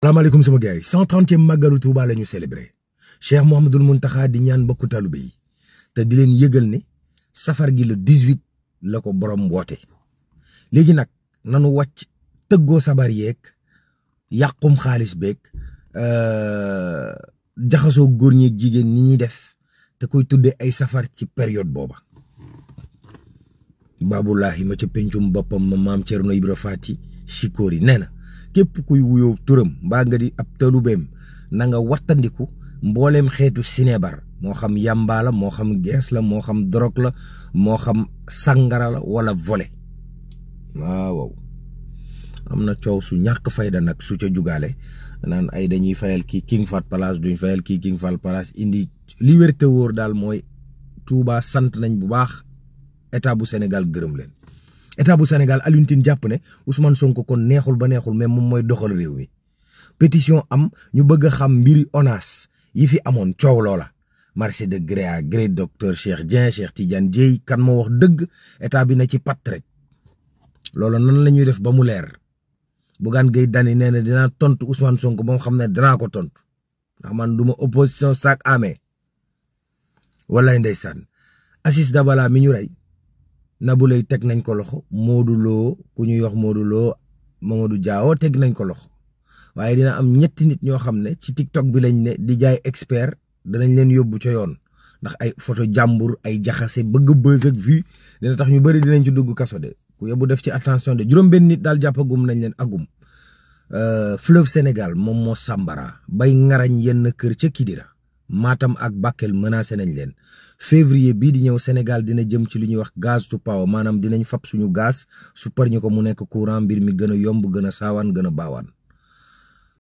salaamaaleykum sama gars yi 130e màggalu Touba la ñu célébré Cheikh Mouhamadul Mountakha di ñaan mbokku talube te di leen yëgal ne safar gi le 18 la ko borom woote léegi nag nanu wàcc tëggoo sabar yeeg yàqum xaalis beek daxasoo euh, góor ñeeg jigéen ni ñuy def te koy tuddee ay safar ci période booba. Babulaahi ma ca pencum boppam ma maam Thierno Ibra Fati Chikori nee na. képp kuy wuyo turam baa nga di ab talubeem na nga wattandiku mbooleem xeetu sinebar moo xam yàmbaa moo xam gees la moo xam dorog la moo xam sàngara la wala volet waaw am na coow su ñàkk fayda nag su ca jugaale naan ay dañuy fayal kii King Fahd Palace duñ fayal kii King Fahd Palace indi li wérte wóor daal mooy Touba sant nañ bu baax état bu senegal gërëm leen état bu senegal Alioune Tine jàpp ne Ousmane Sonko kon neexul ba neexul mais moom mooy doxal réew mi pétition am ñu bëgg a xam mbiri ONAS yi fi amoon coow loola marché de gré à gré docteur Cheikh Dieng Cheikh Tidiane Dieye kan moo wax dëgg état bi na ci pat rek loolu nan la def ba mu leer Bougane Gueye Dany nee na dinaa tontu Ousmane Sonko ba xam ne dinaa ko tontu ndax man du ma opposition saak amee wallaay ndeysaan Assis Dabala mi ñu rey Nabou Leye teg nañ ko loxo Modou loo ku ñuy wax loo Lo Mamadou Diawo teg nañ ko loxo waaye dina am ñetti nit ñoo xam ne ci TikTok bi lañ ne di jaay expert danañ leen yóbbu ca yoon ndax ay foto jàmbur ay jaxase bëgg bës ak vue tax ñu bëri dinañ ci dugg kaso de ku yóbbu def ci attention de juróom-benn nit daal jàppagum nañ leen agum euh, fleuve senegal moom moo Sambara bay ngarañ yenn kër ca Kidira Matam ak Bakel menacé nañ leen février bii di ñëw Sénégal dina jëm ci li ñuy wax gaz to power maanaam dinañ fab suñu gaz su ñu ko mu nekk courant mbir mi gën a yomb gën a saawaan gën a baawaan